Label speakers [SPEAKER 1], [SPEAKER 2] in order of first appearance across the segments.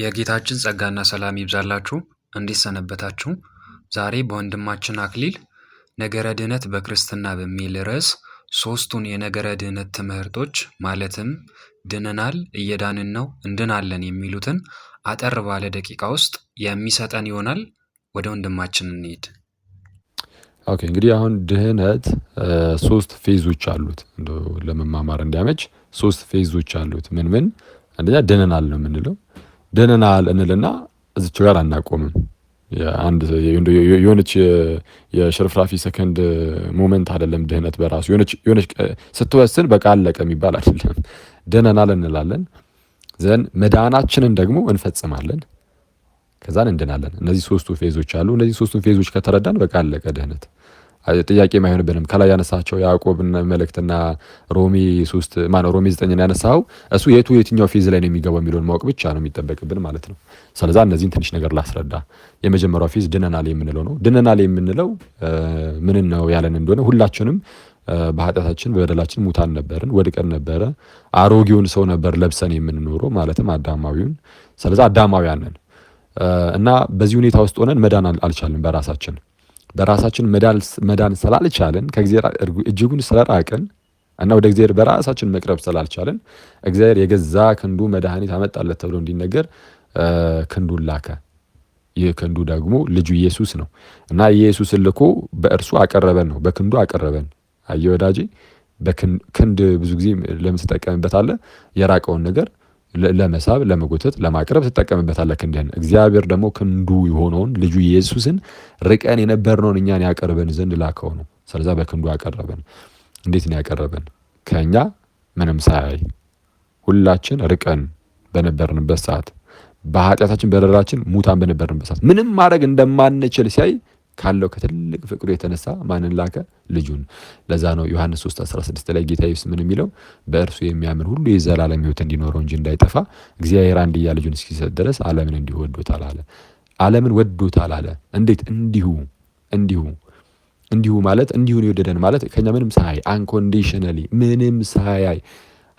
[SPEAKER 1] የጌታችን ጸጋና ሰላም ይብዛላችሁ። እንዴት ሰነበታችሁ? ዛሬ በወንድማችን አክሊል ነገረ ድህነት በክርስትና በሚል ርዕስ ሶስቱን የነገረ ድህነት ትምህርቶች ማለትም ድነናል፣ እየዳንን ነው፣ እንድናለን የሚሉትን አጠር ባለ ደቂቃ ውስጥ የሚሰጠን ይሆናል። ወደ ወንድማችን እንሄድ።
[SPEAKER 2] ኦኬ እንግዲህ አሁን ድህነት ሶስት ፌዞች አሉት። ለመማማር እንዲያመች ሶስት ፌዞች አሉት። ምን ምን? አንደኛ ድነናል ነው የምንለው ደነናል እንልና እዚች ጋር አናቆምም። የሆነች የሽርፍራፊ ሰከንድ ሞመንት አይደለም ድህነት በራሱ የሆነች ስትወስን በቃ አለቀ የሚባል አይደለም። ደነናል እንላለን ዘን መዳናችንን ደግሞ እንፈጽማለን። ከዛን እንድናለን። እነዚህ ሶስቱ ፌዞች አሉ። እነዚህ ሶስቱ ፌዞች ከተረዳን በቃ አለቀ ድህነት። ጥያቄ የማይሆንብንም ከላይ ያነሳቸው ያዕቆብ መልእክትና ሮሚ ሶስት ማነው ዘጠኝን ያነሳው እሱ የቱ የትኛው ፌዝ ላይ ነው የሚገባው የሚለውን ማወቅ ብቻ ነው የሚጠበቅብን ማለት ነው። ስለዛ እነዚህን ትንሽ ነገር ላስረዳ። የመጀመሪያው ፌዝ ድነናል የምንለው ነው። ድነናል የምንለው ምንን ነው ያለን እንደሆነ ሁላችንም በኃጢአታችን በበደላችን ሙታን ነበርን፣ ወድቀን ነበረ። አሮጌውን ሰው ነበር ለብሰን የምንኖረው ማለትም አዳማዊውን። ስለዚ አዳማውያን ነን እና በዚህ ሁኔታ ውስጥ ሆነን መዳን አልቻልን በራሳችን በራሳችን መዳን ስላልቻልን ከእግዚአብሔር እጅጉን ስለራቅን እና ወደ እግዚአብሔር በራሳችን መቅረብ ስላልቻልን እግዚአብሔር የገዛ ክንዱ መድኃኒት አመጣለት ተብሎ እንዲነገር ክንዱን ላከ። ይህ ክንዱ ደግሞ ልጁ ኢየሱስ ነው እና ኢየሱስ ልኮ በእርሱ አቀረበን ነው፣ በክንዱ አቀረበን። አየ ወዳጄ፣ በክንድ ብዙ ጊዜ ለምን ትጠቀምበታለህ? የራቀውን ነገር ለመሳብ ለመጎተት ለማቅረብ ትጠቀምበታለህ ክንድህን። እግዚአብሔር ደግሞ ክንዱ የሆነውን ልጁ ኢየሱስን ርቀን የነበርነውን እኛን ያቀርበን ዘንድ ላከው ነው። ስለዛ በክንዱ ያቀረበን። እንዴት ነው ያቀረበን? ከእኛ ምንም ሳያይ ሁላችን ርቀን በነበርንበት ሰዓት፣ በኃጢአታችን በደራችን ሙታን በነበርንበት ሰዓት ምንም ማድረግ እንደማንችል ሲያይ ካለው ከትልቅ ፍቅሩ የተነሳ ማንን ላከ? ልጁን። ለዛ ነው ዮሐንስ 3 16 ላይ ጌታ ኢየሱስ ምን የሚለው በእርሱ የሚያምን ሁሉ የዘላለም ሕይወት እንዲኖረው እንጂ እንዳይጠፋ እግዚአብሔር አንድያ ልጁን እስኪሰጥ ድረስ ዓለምን እንዲሁ ወዶታል አለ። ዓለምን ወዶታል አለ። እንዴት? እንዲሁ እንዲሁ እንዲሁ ማለት እንዲሁን የወደደን ማለት ከኛ ምንም ሳያይ አንኮንዲሽነሊ ምንም ሳያይ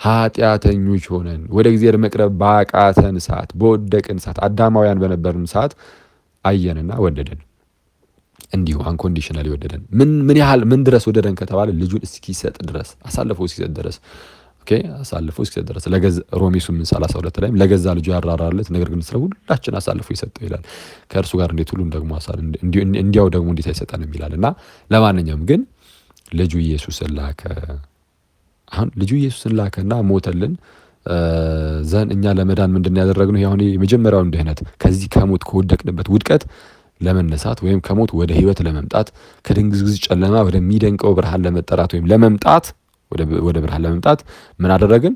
[SPEAKER 2] ኃጢአተኞች ሆነን ወደ እግዚአብሔር መቅረብ ባቃተን ሰዓት፣ በወደቅን ሰዓት፣ አዳማውያን በነበርን ሰዓት አየንና ወደደን። እንዲሁ አንኮንዲሽናል ይወደደን። ምን ምን ያህል ምን ድረስ ወደደን ከተባለ ልጁን እስኪሰጥ ድረስ አሳልፎ እስኪሰጥ ድረስ ኦኬ አሳልፎ እስኪሰጥ ድረስ ለገዛ ሮሜ ስምንት ሰላሳ ሁለት ላይም ለገዛ ልጁ ያራራለት ነገር ግን ስለ ሁላችን አሳልፎ ይሰጠው ይላል። ከእርሱ ጋር እንዴት ሁሉን ደግሞ እንዲያው ደግሞ እንዴት አይሰጠንም ይላል እና ለማንኛውም ግን ልጁ ኢየሱስን ላከ። አሁን ልጁ ኢየሱስን ላከና ሞተልን ዘን እኛ ለመዳን ምንድን ያደረግነው ያሁን የመጀመሪያው ድህነት ከዚህ ከሞት ከወደቅንበት ውድቀት ለመነሳት ወይም ከሞት ወደ ህይወት ለመምጣት ከድንግዝግዝ ጨለማ ወደሚደንቀው ብርሃን ለመጠራት ወይም ለመምጣት ወደ ብርሃን ለመምጣት ምን አደረግን?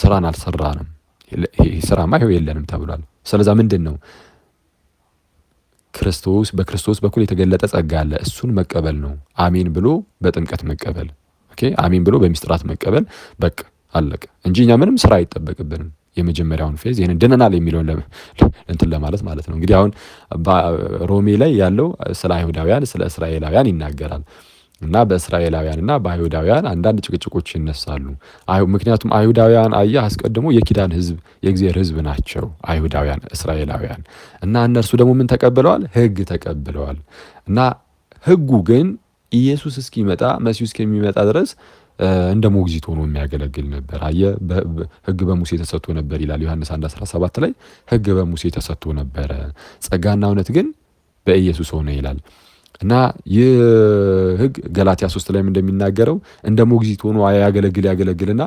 [SPEAKER 2] ስራን አልሰራንም። ስራማ ይኸው የለንም ተብሏል። ስለዛ ምንድን ነው ክርስቶስ በክርስቶስ በኩል የተገለጠ ጸጋ አለ። እሱን መቀበል ነው። አሜን ብሎ በጥምቀት መቀበል፣ አሜን ብሎ በሚስጥራት መቀበል። በቃ አለቀ እንጂ እኛ ምንም ስራ አይጠበቅብንም። የመጀመሪያውን ፌዝ ይህን ድነናል የሚለውን እንትን ለማለት ማለት ነው። እንግዲህ አሁን ሮሜ ላይ ያለው ስለ አይሁዳውያን ስለ እስራኤላውያን ይናገራል እና እና በአይሁዳውያን አንዳንድ ጭቅጭቆች ይነሳሉ። ምክንያቱም አይሁዳውያን አየህ አስቀድሞ የኪዳን ህዝብ የእግዚአብሔር ህዝብ ናቸው አይሁዳውያን እስራኤላውያን እና እነርሱ ደግሞ ምን ተቀብለዋል? ህግ ተቀብለዋል እና ህጉ ግን ኢየሱስ እስኪመጣ መሲሁ እስከሚመጣ ድረስ እንደ ሞግዚት ሆኖ የሚያገለግል ነበር። አየ ህግ በሙሴ ተሰጥቶ ነበር ይላል ዮሐንስ 1 17 ላይ ህግ በሙሴ ተሰጥቶ ነበረ፣ ጸጋና እውነት ግን በኢየሱስ ሆነ ይላል እና ይህ ህግ ገላትያ 3 ላይም እንደሚናገረው እንደ ሞግዚት ሆኖ ያገለግል ያገለግልና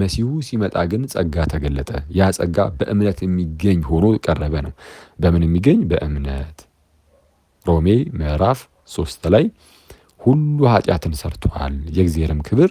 [SPEAKER 2] መሲሁ ሲመጣ ግን ጸጋ ተገለጠ። ያ ጸጋ በእምነት የሚገኝ ሆኖ ቀረበ ነው። በምን የሚገኝ? በእምነት ሮሜ ምዕራፍ ሶስት ላይ ሁሉ ኃጢአትን ሰርቷል የእግዚአብሔርም ክብር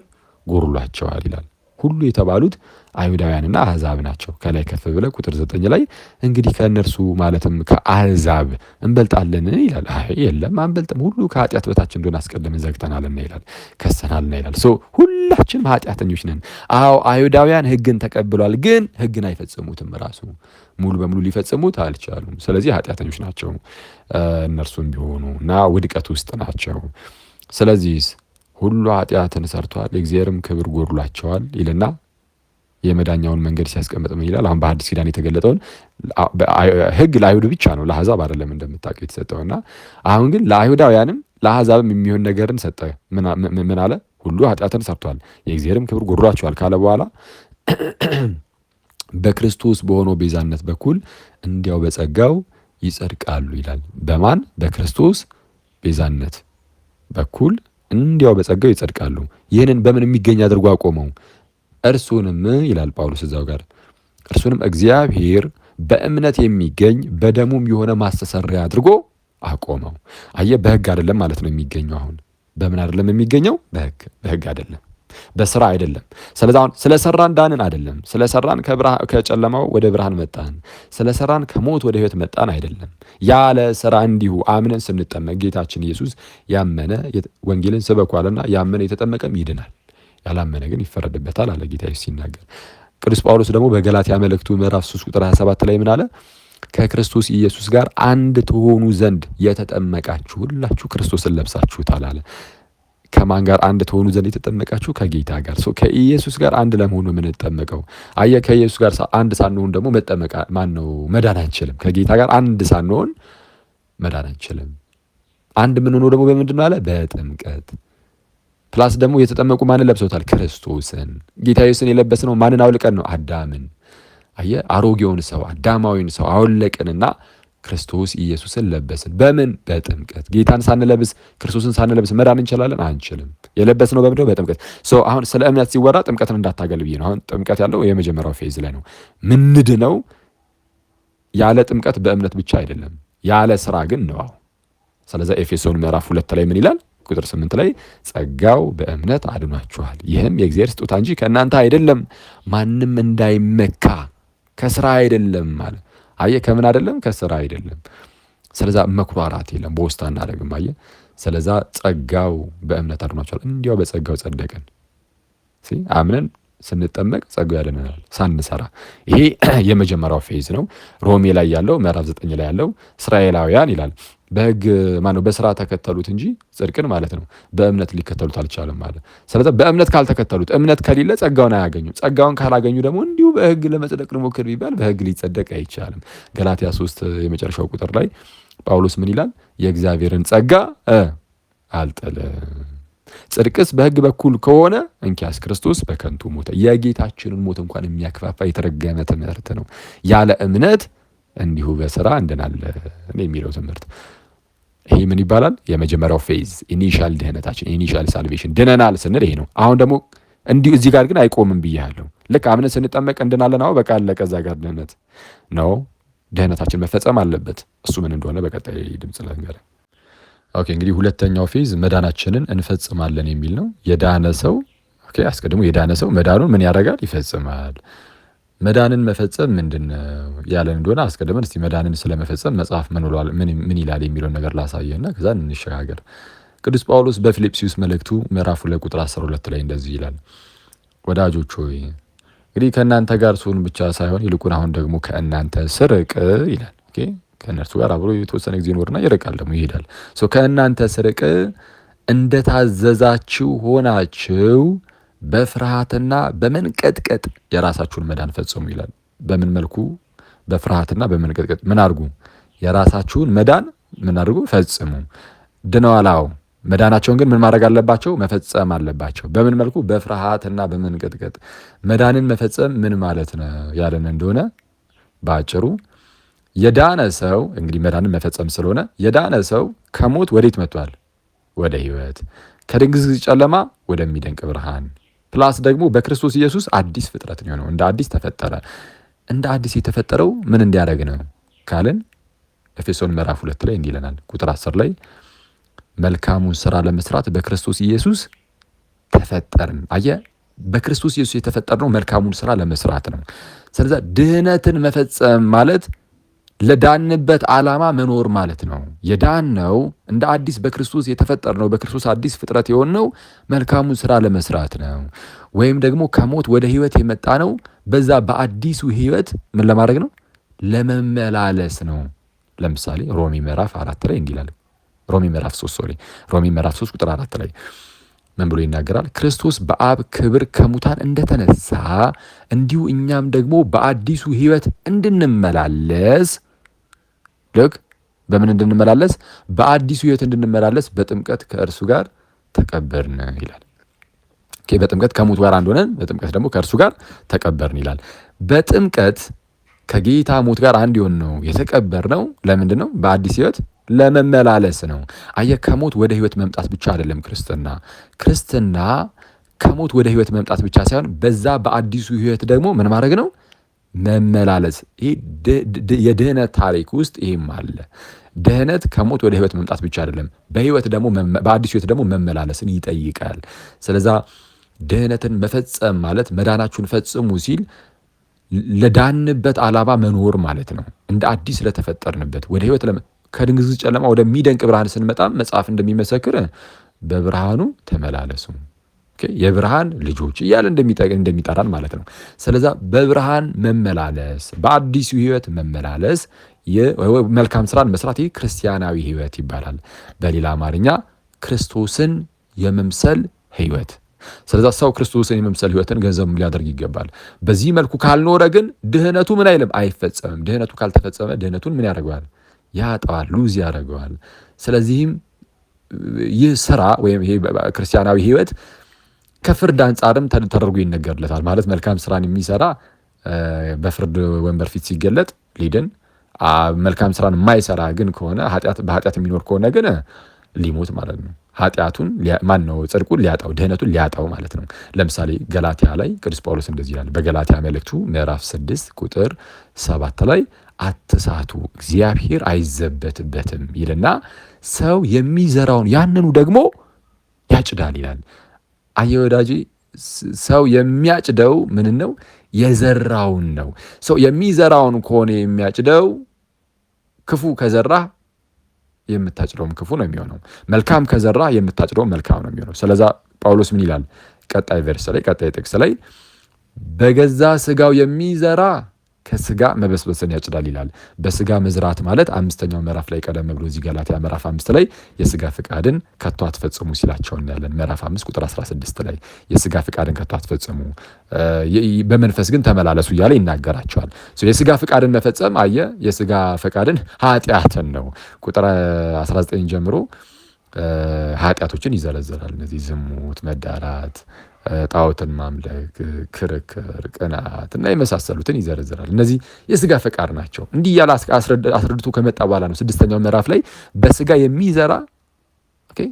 [SPEAKER 2] ጎርሏቸዋል ይላል። ሁሉ የተባሉት አይሁዳውያንና አህዛብ ናቸው። ከላይ ከፍ ብለ ቁጥር ዘጠኝ ላይ እንግዲህ ከእነርሱ ማለትም ከአህዛብ እንበልጣለን ይላል። የለም አንበልጥም፣ ሁሉ ከኃጢአት በታች እንደሆነ አስቀድመን ዘግተናልና ይላል፣ ከሰናልና ይላል። ሶ ሁላችንም ኃጢአተኞች ነን። አዎ አይሁዳውያን ህግን ተቀብሏል፣ ግን ህግን አይፈጽሙትም። ራሱ ሙሉ በሙሉ ሊፈጽሙት አልቻሉም። ስለዚህ ኃጢአተኞች ናቸው እነርሱም ቢሆኑ እና ውድቀት ውስጥ ናቸው። ስለዚህ ሁሉ ኃጢአትን ሰርተዋል እግዚአብሔርም ክብር ጎድሏቸዋል ይልና የመዳኛውን መንገድ ሲያስቀምጥ ምን ይላል? አሁን በአዲስ ኪዳን የተገለጠውን ህግ ለአይሁድ ብቻ ነው ለአሕዛብ አይደለም እንደምታውቀው የተሰጠውና አሁን ግን ለአይሁዳውያንም ለአሕዛብም የሚሆን ነገርን ሰጠ። ምን አለ? ሁሉ ኃጢአትን ሰርቷል የእግዚአብሔርም ክብር ጎድሏቸዋል ካለ በኋላ በክርስቶስ በሆነው ቤዛነት በኩል እንዲያው በጸጋው ይጸድቃሉ ይላል። በማን በክርስቶስ ቤዛነት በኩል እንዲያው በጸጋው ይጸድቃሉ። ይህንን በምን የሚገኝ አድርጎ አቆመው። እርሱንም ይላል ጳውሎስ እዛው ጋር እርሱንም እግዚአብሔር በእምነት የሚገኝ በደሙም የሆነ ማስተሰሪያ አድርጎ አቆመው። አየ በህግ አይደለም ማለት ነው የሚገኘው። አሁን በምን አይደለም የሚገኘው? በህግ በህግ አይደለም በስራ አይደለም። ስለሰራን ዳንን አይደለም። ስለሰራን ከጨለማው ወደ ብርሃን መጣን፣ ስለሰራን ከሞት ወደ ህይወት መጣን አይደለም። ያለ ስራ እንዲሁ አምነን ስንጠመቅ ጌታችን ኢየሱስ ያመነ ወንጌልን ስበኳልና ያመነ የተጠመቀም ይድናል፣ ያላመነ ግን ይፈረድበታል አለ ጌታ ሲናገር። ቅዱስ ጳውሎስ ደግሞ በገላትያ መልእክቱ ምዕራፍ 3 ቁጥር 27 ላይ ምን አለ? ከክርስቶስ ኢየሱስ ጋር አንድ ትሆኑ ዘንድ የተጠመቃችሁ ሁላችሁ ክርስቶስን ለብሳችሁታል አለ። ከማን ጋር አንድ ተሆኑ ዘንድ የተጠመቃችሁ ከጌታ ጋር ከኢየሱስ ጋር አንድ ለመሆኑ የምንጠመቀው። አየ ከኢየሱስ ጋር አንድ ሳንሆን ደግሞ መጠመቃ ማን ነው መዳን አንችልም። ከጌታ ጋር አንድ ሳንሆን መዳን አንችልም። አንድ የምንሆነው ደግሞ በምንድን ነው አለ በጥምቀት ፕላስ ደግሞ የተጠመቁ ማንን ለብሰውታል? ክርስቶስን። ጌታ ኢየሱስን ነው ማንን አውልቀን ነው? አዳምን። አየ አሮጌውን ሰው አዳማዊን ሰው አወለቅንና ክርስቶስ ኢየሱስን ለበስን። በምን በጥምቀት። ጌታን ሳንለብስ ክርስቶስን ሳንለብስ መዳን እንችላለን? አንችልም። የለበስነው በምድ በጥምቀት። አሁን ስለ እምነት ሲወራ ጥምቀትን እንዳታገል ብዬ ነው። አሁን ጥምቀት ያለው የመጀመሪያው ፌዝ ላይ ነው። ነው ያለ ጥምቀት በእምነት ብቻ አይደለም፣ ያለ ስራ ግን ነው። ስለዚ ኤፌሶን ምዕራፍ ሁለት ላይ ምን ይላል? ቁጥር ስምንት ላይ ጸጋው በእምነት አድኗችኋል፣ ይህም የእግዚአብሔር ስጦታ እንጂ ከእናንተ አይደለም፣ ማንም እንዳይመካ ከስራ አይደለም ማለት አየ ከምን አይደለም ከስራ አይደለም። ስለዛ መኩራራት የለም በውስጥ አናደርግም። አየ ስለዛ ጸጋው በእምነት አድኗቸዋል። እንዲያው በጸጋው ጸደቅን። አምነን ስንጠመቅ ጸጋው ያድነናል ሳንሰራ። ይሄ የመጀመሪያው ፌዝ ነው። ሮሜ ላይ ያለው ምዕራፍ ዘጠኝ ላይ ያለው እስራኤላውያን ይላል በህግ ማነው በስራ ተከተሉት እንጂ ጽድቅን ማለት ነው በእምነት ሊከተሉት አልቻለም ማለት። ስለዚህ በእምነት ካልተከተሉት እምነት ከሌለ ጸጋውን አያገኙ። ጸጋውን ካላገኙ ደግሞ እንዲሁ በህግ ለመጽደቅ ልሞክር ቢባል በህግ ሊጸደቅ አይቻልም። ገላትያ ሶስት የመጨረሻው ቁጥር ላይ ጳውሎስ ምን ይላል? የእግዚአብሔርን ጸጋ አልጥልም። ጽድቅስ በህግ በኩል ከሆነ እንኪያስ ክርስቶስ በከንቱ ሞተ። የጌታችንን ሞት እንኳን የሚያከፋፋ የተረገመ ትምህርት ነው። ያለ እምነት እንዲሁ በስራ እንደናለ የሚለው ትምህርት ይሄ ምን ይባላል? የመጀመሪያው ፌዝ ኢኒሻል ድህነታችን ኢኒሻል ሳልቬሽን ድነናል ስንል ይሄ ነው። አሁን ደግሞ እንዲሁ እዚህ ጋር ግን አይቆምም ብያለሁ። ልክ አምነን ስንጠመቅ እንድናለን። አሁን በቃ አለቀ እዛ ጋር ድህነት ነው። ድህነታችን መፈጸም አለበት። እሱ ምን እንደሆነ በቀጣይ ድምፅ ልንገርህ። ኦኬ እንግዲህ ሁለተኛው ፌዝ መዳናችንን እንፈጽማለን የሚል ነው። የዳነ ሰው አስቀድሞ የዳነ ሰው መዳኑን ምን ያደርጋል? ይፈጽማል። መዳንን መፈጸም ምንድን ነው ያለን እንደሆነ አስቀድመን እስቲ መዳንን ስለመፈጸም መጽሐፍ ምን ይላል የሚለውን ነገር ላሳየህና ከዛ እንሸጋገር። ቅዱስ ጳውሎስ በፊልጵስዩስ መልእክቱ ምዕራፍ ሁለት ቁጥር 12 ላይ እንደዚህ ይላል፣ ወዳጆች ሆይ እንግዲህ ከእናንተ ጋር ስሆን ብቻ ሳይሆን ይልቁን አሁን ደግሞ ከእናንተ ስርቅ ይላል። ከእነርሱ ጋር አብሮ የተወሰነ ጊዜ ይኖርና ይርቃል፣ ደግሞ ይሄዳል። ከእናንተ ስርቅ እንደታዘዛችሁ ሆናችሁ በፍርሃትና በመንቀጥቀጥ የራሳችሁን መዳን ፈጽሙ ይላል። በምን መልኩ? በፍርሃትና በመንቀጥቀጥ ምን አድርጉ? የራሳችሁን መዳን ምን አድርጉ? ፈጽሙ። ድነዋል። አዎ መዳናቸውን ግን ምን ማድረግ አለባቸው? መፈጸም አለባቸው። በምን መልኩ? በፍርሃትና በመንቀጥቀጥ መዳንን መፈጸም ምን ማለት ነው ያለን እንደሆነ በአጭሩ የዳነ ሰው እንግዲህ መዳንን መፈጸም ስለሆነ የዳነ ሰው ከሞት ወዴት መጥቷል? ወደ ህይወት ከድንግዝግዝ ጨለማ ወደሚደንቅ ብርሃን ፕላስ ደግሞ በክርስቶስ ኢየሱስ አዲስ ፍጥረት ነው የሆነው። እንደ አዲስ ተፈጠረ። እንደ አዲስ የተፈጠረው ምን እንዲያደርግ ነው ካልን ኤፌሶን ምዕራፍ ሁለት ላይ እንዲህ ይለናል ቁጥር አስር ላይ መልካሙን ስራ ለመስራት በክርስቶስ ኢየሱስ ተፈጠርን። አየ በክርስቶስ ኢየሱስ የተፈጠርነው መልካሙን ስራ ለመስራት ነው። ስለዚያ ድህነትን መፈጸም ማለት ለዳንበት ዓላማ መኖር ማለት ነው። የዳን ነው እንደ አዲስ በክርስቶስ የተፈጠር ነው። በክርስቶስ አዲስ ፍጥረት የሆን ነው መልካሙን ስራ ለመስራት ነው። ወይም ደግሞ ከሞት ወደ ህይወት የመጣ ነው። በዛ በአዲሱ ህይወት ምን ለማድረግ ነው? ለመመላለስ ነው። ለምሳሌ ሮሚ ምዕራፍ አራት ላይ እንዲህ ይላል። ሮሚ ምዕራፍ ሶስት ሶሪ ሮሚ ምዕራፍ ሶስት ቁጥር አራት ላይ ምን ብሎ ይናገራል? ክርስቶስ በአብ ክብር ከሙታን እንደተነሳ እንዲሁ እኛም ደግሞ በአዲሱ ህይወት እንድንመላለስ ልክ በምን እንድንመላለስ በአዲሱ ህይወት እንድንመላለስ በጥምቀት ከእርሱ ጋር ተቀበርን ይላል። በጥምቀት ከሙት ጋር አንድ ሆነን በጥምቀት ደግሞ ከእርሱ ጋር ተቀበርን ይላል። በጥምቀት ከጌታ ሙት ጋር አንድ የሆን ነው የተቀበርነው። ለምንድን ነው? በአዲስ ህይወት ለመመላለስ ነው። አየ ከሞት ወደ ህይወት መምጣት ብቻ አይደለም ክርስትና። ክርስትና ከሞት ወደ ህይወት መምጣት ብቻ ሳይሆን በዛ በአዲሱ ህይወት ደግሞ ምን ማድረግ ነው? መመላለስ የድህነት ታሪክ ውስጥ ይህም አለ። ድህነት ከሞት ወደ ህይወት መምጣት ብቻ አይደለም፣ በህይወት ደግሞ በአዲስ ህይወት ደግሞ መመላለስን ይጠይቃል። ስለዛ ድህነትን መፈጸም ማለት መዳናችሁን ፈጽሙ ሲል ለዳንበት ዓላማ መኖር ማለት ነው። እንደ አዲስ ለተፈጠርንበት ወደ ህይወት ከድንግዝ ጨለማ ወደሚደንቅ ብርሃን ስንመጣም መጽሐፍ እንደሚመሰክር በብርሃኑ ተመላለሱ። የብርሃን ልጆች እያለ እንደሚጠራን ማለት ነው። ስለዛ በብርሃን መመላለስ፣ በአዲሱ ህይወት መመላለስ፣ መልካም ስራን መስራት ይህ ክርስቲያናዊ ህይወት ይባላል። በሌላ አማርኛ ክርስቶስን የመምሰል ህይወት ስለዛ ሰው ክርስቶስን የመምሰል ህይወትን ገንዘብ ሊያደርግ ይገባል። በዚህ መልኩ ካልኖረ ግን ድህነቱ ምን አይልም፣ አይፈጸምም። ድህነቱ ካልተፈጸመ ድህነቱን ምን ያደርገዋል? ያጠዋል፣ ሉዝ ያደርገዋል። ስለዚህም ይህ ስራ ወይም ይሄ ክርስቲያናዊ ህይወት ከፍርድ አንጻርም ተደርጎ ይነገርለታል። ማለት መልካም ስራን የሚሰራ በፍርድ ወንበር ፊት ሲገለጥ ሊድን፣ መልካም ስራን የማይሰራ ግን ከሆነ በኃጢአት የሚኖር ከሆነ ግን ሊሞት ማለት ነው። ኃጢአቱን ማን ነው? ጽድቁን ሊያጣው ድህነቱን ሊያጣው ማለት ነው። ለምሳሌ ገላትያ ላይ ቅዱስ ጳውሎስ እንደዚህ ይላል። በገላትያ መልእክቱ ምዕራፍ ስድስት ቁጥር ሰባት ላይ አትሳቱ፣ እግዚአብሔር አይዘበትበትም ይልና ሰው የሚዘራውን ያንኑ ደግሞ ያጭዳል ይላል። አየ ወዳጅ ሰው የሚያጭደው ምን ነው? የዘራውን ነው። ሰው የሚዘራውን ከሆነ የሚያጭደው ክፉ ከዘራ የምታጭደውም ክፉ ነው የሚሆነው። መልካም ከዘራ የምታጭደው መልካም ነው የሚሆነው። ስለዛ ጳውሎስ ምን ይላል? ቀጣይ ቨርስ ላይ ቀጣይ ጥቅስ ላይ በገዛ ስጋው የሚዘራ ከስጋ መበስበስን ያጭዳል ይላል። በስጋ መዝራት ማለት አምስተኛው ምዕራፍ ላይ ቀደም ብሎ እዚህ ገላትያ ምዕራፍ አምስት ላይ የስጋ ፍቃድን ከቶ አትፈጽሙ ሲላቸው እናያለን። ምዕራፍ አምስት ቁጥር 16 ላይ የስጋ ፍቃድን ከቶ አትፈጽሙ፣ በመንፈስ ግን ተመላለሱ እያለ ይናገራቸዋል። የስጋ ፍቃድን መፈጸም አየ የስጋ ፍቃድን ኃጢአትን ነው። ቁጥር 19 ጀምሮ ኃጢአቶችን ይዘረዘራል። እነዚህ ዝሙት፣ መዳራት ጣዖትን ማምለክ፣ ክርክር፣ ቅናት እና የመሳሰሉትን ይዘረዝራል። እነዚህ የስጋ ፈቃድ ናቸው። እንዲህ እያለ አስረድቶ ከመጣ በኋላ ነው ስድስተኛው ምዕራፍ ላይ በስጋ የሚዘራ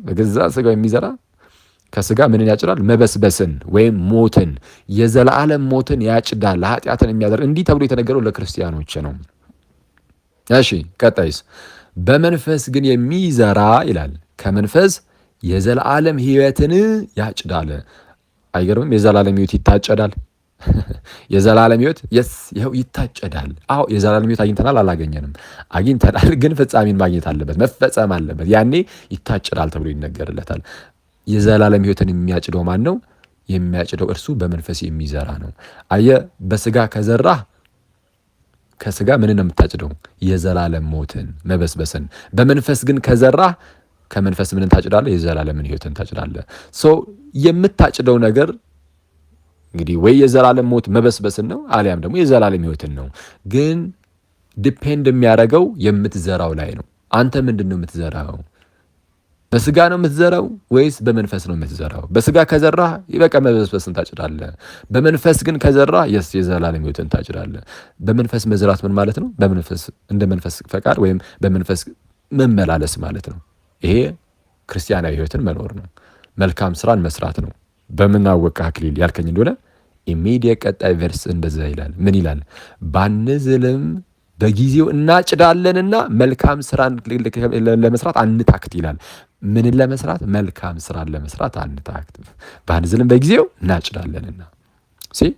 [SPEAKER 2] በገዛ ስጋው የሚዘራ ከስጋ ምንን ያጭዳል? መበስበስን ወይም ሞትን፣ የዘላለም ሞትን ያጭዳል። ኃጢአትን የሚያደርግ እንዲህ ተብሎ የተነገረው ለክርስቲያኖች ነው። እሺ ቀጣይስ? በመንፈስ ግን የሚዘራ ይላል ከመንፈስ የዘላለም ሕይወትን ያጭዳል። አይገርምም? የዘላለም ህይወት ይታጨዳል። የዘላለም ህይወት የስ ይኸው ይታጨዳል። አዎ የዘላለም ህይወት አግኝተናል፣ አላገኘንም፣ አግኝተናል። ግን ፍጻሜን ማግኘት አለበት፣ መፈጸም አለበት። ያኔ ይታጨዳል ተብሎ ይነገርለታል። የዘላለም ህይወትን የሚያጭደው ማን ነው? የሚያጭደው እርሱ በመንፈስ የሚዘራ ነው። አየ በስጋ ከዘራ ከስጋ ምንን ነው የምታጭደው? የዘላለም ሞትን፣ መበስበስን። በመንፈስ ግን ከዘራህ ከመንፈስ ምንን ታጭዳለ? የዘላለምን ህይወትን ታጭዳለ። ሰው የምታጭደው ነገር እንግዲህ ወይ የዘላለም ሞት መበስበስን ነው አሊያም ደግሞ የዘላለም ህይወትን ነው። ግን ዲፔንድ የሚያደርገው የምትዘራው ላይ ነው። አንተ ምንድን ነው የምትዘራው? በስጋ ነው የምትዘራው ወይስ በመንፈስ ነው የምትዘራው? በስጋ ከዘራ በቃ መበስበስን ታጭዳለ። በመንፈስ ግን ከዘራ የስ የዘላለም ህይወትን ታጭዳለ። በመንፈስ መዝራት ምን ማለት ነው? በመንፈስ እንደ መንፈስ ፈቃድ ወይም በመንፈስ መመላለስ ማለት ነው። ይሄ ክርስቲያናዊ ህይወትን መኖር ነው። መልካም ስራን መስራት ነው። በምናወቀ አክሊል ያልከኝ እንደሆነ ኢሚዲየት ቀጣይ ቨርስ እንደዛ ይላል። ምን ይላል? ባንዝልም በጊዜው እናጭዳለንና መልካም ስራን ለመስራት አንታክት ይላል። ምንን ለመስራት? መልካም ስራን ለመስራት አንታክት። ባንዝልም በጊዜው እናጭዳለንና ሲ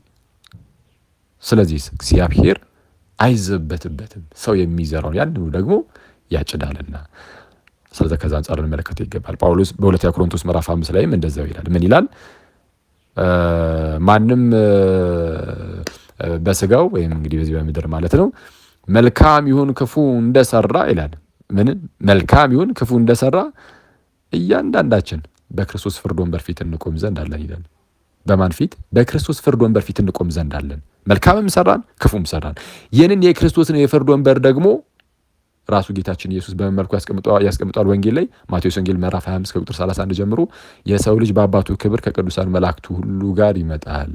[SPEAKER 2] ስለዚህ እግዚአብሔር አይዘበትበትም። ሰው የሚዘራውን ያንኑ ደግሞ ያጭዳልና ስለዚህ ከዛ አንጻር ልንመለከተው ይገባል። ጳውሎስ በሁለተኛ ቆሮንቶስ ምዕራፍ አምስት ላይም እንደዛው ይላል። ምን ይላል? ማንም በስጋው ወይም እንግዲህ በዚህ በምድር ማለት ነው መልካም ይሁን ክፉ እንደሰራ ይላል። ምን መልካም ይሁን ክፉ እንደሰራ እያንዳንዳችን በክርስቶስ ፍርድ ወንበር ፊት እንቆም ዘንድ አለን ይላል። በማን ፊት? በክርስቶስ ፍርድ ወንበር ፊት እንቆም ዘንድ አለን። መልካምም ሰራን ክፉም ሰራን፣ ይህንን የክርስቶስን የፍርድ ወንበር ደግሞ ራሱ ጌታችን ኢየሱስ በምን መልኩ ያስቀምጧል? ወንጌል ላይ ማቴዎስ ወንጌል ምዕራፍ 25 ከቁጥር 31 ጀምሮ የሰው ልጅ በአባቱ ክብር ከቅዱሳን መላእክቱ ሁሉ ጋር ይመጣል፣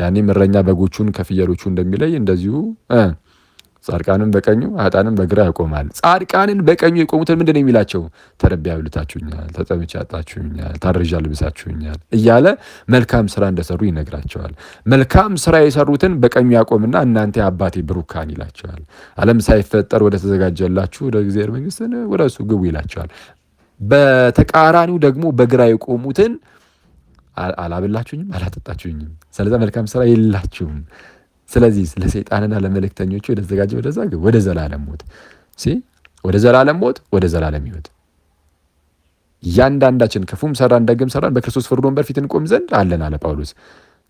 [SPEAKER 2] ያኔም እረኛ በጎቹን ከፍየሎቹ እንደሚለይ እንደዚሁ ጻድቃንን በቀኙ ኃጥአንን በግራ ያቆማል። ጻድቃንን በቀኙ የቆሙትን ምንድን ነው የሚላቸው? ተርቤ አብልታችሁኛል፣ ተጠምቼ አጣችሁኛል፣ ታርዣ ልብሳችሁኛል እያለ መልካም ስራ እንደሰሩ ይነግራቸዋል። መልካም ስራ የሰሩትን በቀኙ ያቆምና እናንተ አባቴ ብሩካን ይላቸዋል። ዓለም ሳይፈጠር ወደ ተዘጋጀላችሁ ወደ እግዚአብሔር መንግስትን ወደ እሱ ግቡ ይላቸዋል። በተቃራኒው ደግሞ በግራ የቆሙትን አላብላችሁኝም አላጠጣችሁኝም፣ ስለዚ መልካም ስራ የላችሁም ስለዚህ ስለ ሰይጣንና ለመልእክተኞቹ የተዘጋጀ ወደዛ ወደ ዘላለም ሞት ወደ ዘላለም ሞት ወደ ዘላለም ሕይወት እያንዳንዳችን ክፉም ሰራን ደግም ሰራን በክርስቶስ ፍርድ ወንበር ፊት እንቆም ዘንድ አለን አለ ጳውሎስ።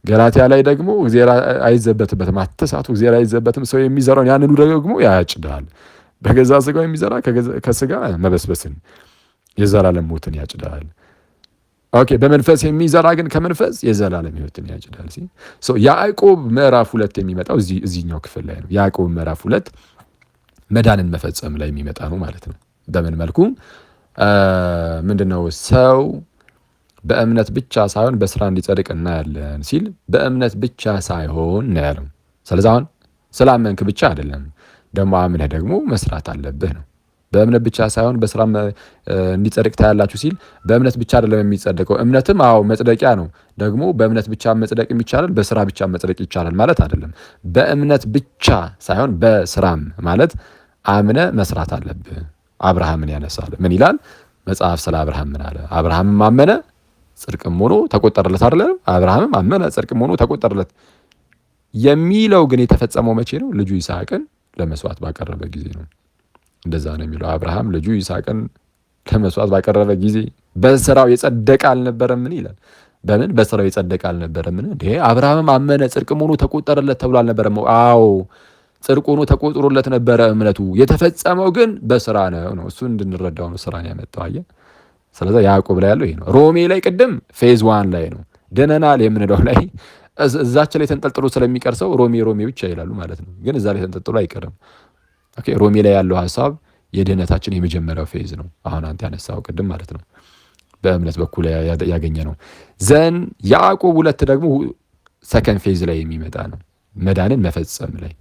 [SPEAKER 2] ገላትያ ላይ ደግሞ እግዚአብሔር አይዘበትበትም፣ አትሳቱ፣ እግዚአብሔር አይዘበትም። ሰው የሚዘራውን ያንኑ ደግሞ ያጭዳል። በገዛ ስጋው የሚዘራ ከስጋ መበስበስን የዘላለም ሞትን ያጭዳል። ኦኬ በመንፈስ የሚዘራ ግን ከመንፈስ የዘላለም ህይወትን ያጭዳል ሲል ያዕቆብ ምዕራፍ ሁለት የሚመጣው እዚህኛው ክፍል ላይ ነው። ያዕቆብ ምዕራፍ ሁለት መዳንን መፈጸም ላይ የሚመጣ ነው ማለት ነው። በምን መልኩ ምንድን ነው ሰው በእምነት ብቻ ሳይሆን በስራ እንዲጸድቅ እናያለን ሲል በእምነት ብቻ ሳይሆን ነው ያለው። ስለዚህ አሁን ስላመንክ ብቻ አይደለም፣ ደግሞ አምነህ ደግሞ መስራት አለብህ ነው በእምነት ብቻ ሳይሆን በስራ እንዲጸድቅ ታያላችሁ ሲል በእምነት ብቻ አይደለም የሚጸደቀው። እምነትም አዎ መጽደቂያ ነው። ደግሞ በእምነት ብቻ መጽደቅ ይቻላል፣ በስራ ብቻ መጽደቅ ይቻላል ማለት አይደለም። በእምነት ብቻ ሳይሆን በስራም ማለት አምነ መስራት አለብህ። አብርሃምን ያነሳል። ምን ይላል መጽሐፍ? ስለ አብርሃም ምን አለ? አብርሃምም አመነ ጽድቅም ሆኖ ተቆጠረለት አይደለም። አብርሃምም አመነ ጽድቅም ሆኖ ተቆጠረለት የሚለው ግን የተፈጸመው መቼ ነው? ልጁ ይስሐቅን ለመስዋዕት ባቀረበ ጊዜ ነው። እንደዛ ነው የሚለው። አብርሃም ልጁ ይስሐቅን ለመስዋዕት ባቀረበ ጊዜ በስራው የጸደቀ አልነበረምን ይላል። በምን በስራው የጸደቀ አልነበረምን? እንዴ አብርሃምም አመነ ጽድቅም ሆኖ ተቆጠረለት ተብሎ አልነበረም? አዎ ጽድቅ ሆኖ ተቆጥሮለት ነበረ እምነቱ። የተፈጸመው ግን በስራ ነው ነው እሱ እንድንረዳው ነው ስራን ያመጣው። አየ ስለዚ ያዕቆብ ላይ ያለው ይሄ ነው። ሮሜ ላይ ቅድም ፌዝ ዋን ላይ ነው ድነናል የምንለው ላይ እዛች ላይ ተንጠልጥሎ ስለሚቀር ሰው ሮሜ ሮሜ ብቻ ይላሉ ማለት ነው። ግን እዛ ላይ ተንጠልጥሎ አይቀርም። ኦኬ ሮሜ ላይ ያለው ሀሳብ የድህነታችን የመጀመሪያው ፌዝ ነው። አሁን አንተ ያነሳው ቅድም ማለት ነው በእምነት በኩል ያገኘ ነው። ዘን ያዕቆብ ሁለት ደግሞ ሰከንድ ፌዝ ላይ የሚመጣ ነው። መዳንን መፈጸም ላይ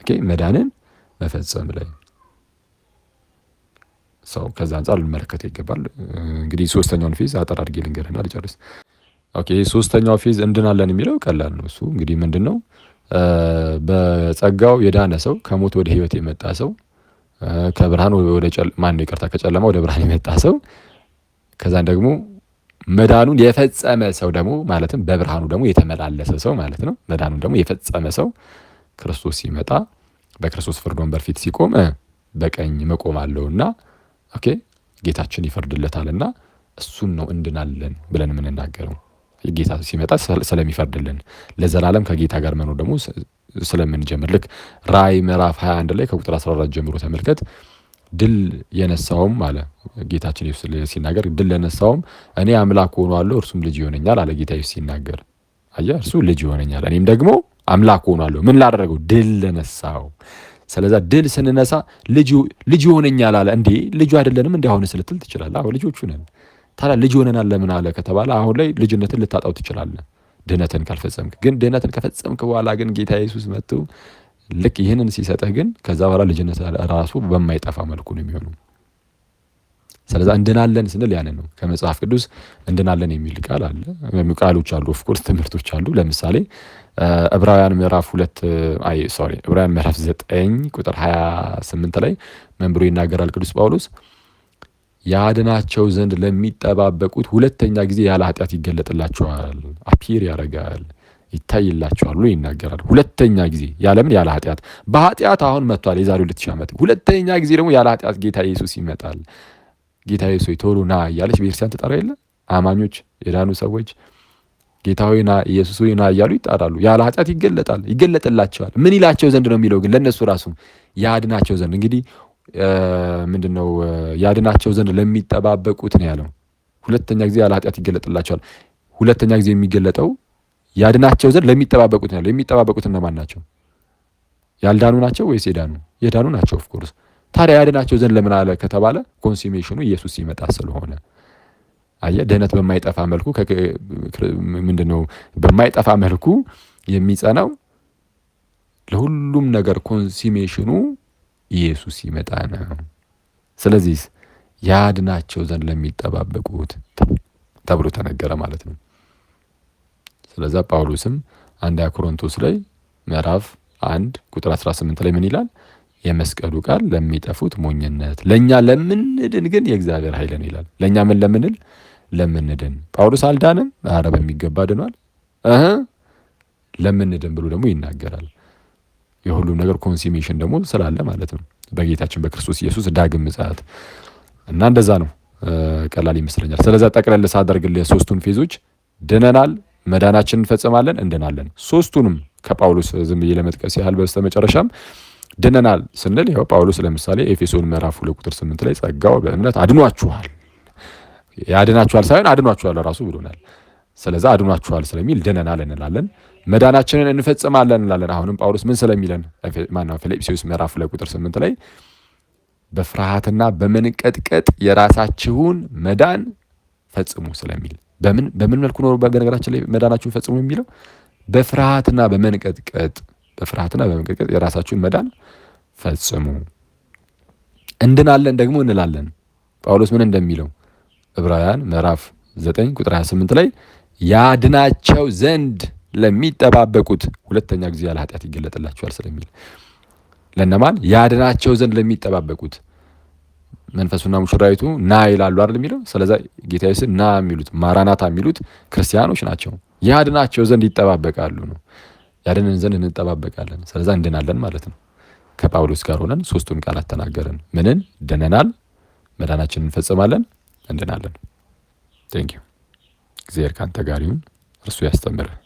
[SPEAKER 2] ኦኬ መዳንን መፈጸም ላይ ሰው ከዛ አንጻር ልንመለከተው ይገባል። እንግዲህ ሶስተኛውን ፌዝ አጠር አድርጌ ልንገርህና ልጨርስ። ኦኬ ሶስተኛው ፌዝ እንድናለን የሚለው ቀላል ነው። እሱ እንግዲህ ምንድን ነው በጸጋው የዳነ ሰው ከሞት ወደ ህይወት የመጣ ሰው ከብርሃን ወደ ማን ነው ይቅርታ፣ ከጨለማ ወደ ብርሃን የመጣ ሰው ከዛን ደግሞ መዳኑን የፈጸመ ሰው ደግሞ ማለትም በብርሃኑ ደግሞ የተመላለሰ ሰው ማለት ነው። መዳኑን ደግሞ የፈጸመ ሰው ክርስቶስ ሲመጣ በክርስቶስ ፍርድ ወንበር ፊት ሲቆም በቀኝ መቆም አለውና ኦኬ ጌታችን ይፈርድለታልና እሱን ነው እንድናለን ብለን የምንናገረው። ጌታ ሲመጣ ስለሚፈርድልን ለዘላለም ከጌታ ጋር መኖር ደግሞ ስለምንጀምር ልክ ራእይ ምዕራፍ 21 ላይ ከቁጥር 14 ጀምሮ ተመልከት። ድል የነሳውም አለ ጌታችን ኢየሱስ ሲናገር፣ ድል ለነሳውም እኔ አምላክ ሆኗለሁ እርሱም ልጅ ይሆነኛል አለ ጌታ ኢየሱስ ሲናገር። አየህ እርሱ ልጅ ይሆነኛል፣ እኔም ደግሞ አምላክ ሆኗለሁ። ምን ላደረገው? ድል ለነሳው። ስለዛ ድል ስንነሳ ልጅ ይሆነኛል አለ። እንዴ ልጁ አይደለንም? እንዲ አሁን ስልትል ትችላለህ። ልጆቹ ነን። ታዲያ ልጅ ሆነናል ለምን አለ ከተባለ አሁን ላይ ልጅነትን ልታጣው ትችላለህ፣ ድህነትን ካልፈጸምክ። ግን ድህነትን ከፈጸምክ በኋላ ግን ጌታ ኢየሱስ መጥቶ ልክ ይህንን ሲሰጥህ ግን ከዛ በኋላ ልጅነት ራሱ በማይጠፋ መልኩ ነው የሚሆኑ። ስለዛ እንድናለን ስንል ያንን ነው። ከመጽሐፍ ቅዱስ እንድናለን የሚል ቃል አለ፣ ቃሎች አሉ፣ ኦፍኮርስ ትምህርቶች አሉ። ለምሳሌ ዕብራውያን ምዕራፍ ሁለት አይ ሶሪ ዕብራውያን ምዕራፍ ዘጠኝ ቁጥር ሀያ ስምንት ላይ መንብሮ ይናገራል ቅዱስ ጳውሎስ? ያድናቸው ዘንድ ለሚጠባበቁት ሁለተኛ ጊዜ ያለ ኃጢአት ይገለጥላቸዋል። አፒር ያደርጋል ይታይላቸዋል ብሎ ይናገራል። ሁለተኛ ጊዜ ያለምን ያለ ኃጢአት በኃጢአት አሁን መጥቷል፣ የዛሬ ሁለት ሺህ ዓመት። ሁለተኛ ጊዜ ደግሞ ያለ ኃጢአት ጌታ ኢየሱስ ይመጣል። ጌታ ኢየሱስ ሆይ ቶሎ ና እያለች ቤተክርስቲያን ትጠራ የለ አማኞች፣ የዳኑ ሰዎች ጌታ ሆይ ና፣ ኢየሱስ ሆይ ና እያሉ ይጣራሉ። ያለ ኃጢአት ይገለጣል፣ ይገለጥላቸዋል። ምን ይላቸው ዘንድ ነው የሚለው ግን ለእነሱ ራሱ ያድናቸው ዘንድ እንግዲህ ምንድን ነው ያድናቸው ዘንድ ለሚጠባበቁት ነው ያለው። ሁለተኛ ጊዜ ያለ ኃጢአት ይገለጥላቸዋል። ሁለተኛ ጊዜ የሚገለጠው ያድናቸው ዘንድ ለሚጠባበቁት ነው ያለው። የሚጠባበቁት እነማን ናቸው? ያልዳኑ ናቸው ወይስ የዳኑ? የዳኑ ናቸው። ኦፍኮርስ። ታዲያ ያድናቸው ዘንድ ለምን አለ ከተባለ ኮንሱሜሽኑ ኢየሱስ ሲመጣ ስለሆነ አየ ድህነት በማይጠፋ መልኩ ምንድን ነው በማይጠፋ መልኩ የሚጸናው ለሁሉም ነገር ኮንሲሜሽኑ? ኢየሱስ ይመጣ ነው። ስለዚህ ያድናቸው ዘንድ ለሚጠባበቁት ተብሎ ተነገረ ማለት ነው። ስለዛ ጳውሎስም አንድ ኮሮንቶስ ላይ ምዕራፍ አንድ ቁጥር 18 ላይ ምን ይላል? የመስቀሉ ቃል ለሚጠፉት ሞኝነት፣ ለእኛ ለምንድን ግን የእግዚአብሔር ኃይል ነው ይላል። ለእኛ ምን ለምንል ለምንድን። ጳውሎስ አልዳንም? አረ በሚገባ ድኗል። ለምንድን ብሎ ደግሞ ይናገራል። የሁሉም ነገር ኮንሲሜሽን ደግሞ ስላለ ማለት ነው በጌታችን በክርስቶስ ኢየሱስ ዳግም ምጽአት እና እንደዛ ነው ቀላል ይመስለኛል። ስለዛ ጠቅለል ሳደርግል ሶስቱን ፌዞች ድነናል፣ መዳናችን እንፈጽማለን፣ እንድናለን። ሶስቱንም ከጳውሎስ ዝም ብዬ ለመጥቀስ ያህል በስተመጨረሻም ድነናል ስንል ያው ጳውሎስ ለምሳሌ ኤፌሶን ምዕራፍ ሁለት ቁጥር ስምንት ላይ ጸጋው በእምነት አድኗችኋል ያድናችኋል ሳይሆን አድኗችኋል ራሱ ብሎናል። ስለዚ አድኗችኋል ስለሚል ድነናል እንላለን። መዳናችንን እንፈጽማለን እንላለን። አሁንም ጳውሎስ ምን ስለሚለን ማነው ፊልጵስዩስ ምዕራፍ ላይ ቁጥር ስምንት ላይ በፍርሃትና በመንቀጥቀጥ የራሳችሁን መዳን ፈጽሙ ስለሚል በምን በምን መልኩ ኖሮ በነገራችን ላይ መዳናችሁን ፈጽሙ የሚለው በፍርሃትና በመንቀጥቀጥ በፍርሃትና በመንቀጥቀጥ የራሳችሁን መዳን ፈጽሙ። እንድናለን ደግሞ እንላለን። ጳውሎስ ምን እንደሚለው ዕብራውያን ምዕራፍ 9 ቁጥር 28 ላይ ያድናቸው ዘንድ ለሚጠባበቁት ሁለተኛ ጊዜ ያለ ኃጢአት ይገለጥላቸዋል ስለሚል ለእነማን ያድናቸው ዘንድ ለሚጠባበቁት መንፈሱና ሙሽራይቱ ና ይላሉ አይደል የሚለው። ስለዛ ጌታ ስ ና የሚሉት ማራናታ የሚሉት ክርስቲያኖች ናቸው። ያድናቸው ዘንድ ይጠባበቃሉ ነው። ያድንን ዘንድ እንጠባበቃለን። ስለዛ እንድናለን ማለት ነው። ከጳውሎስ ጋር ሆነን ሶስቱን ቃላት ተናገርን። ምንን ድነናል፣ መዳናችን እንፈጽማለን፣ እንድናለን። ቴንክ ዩ። እግዚአብሔር ካንተ ጋር ይሁን። እርሱ ያስተምርህ።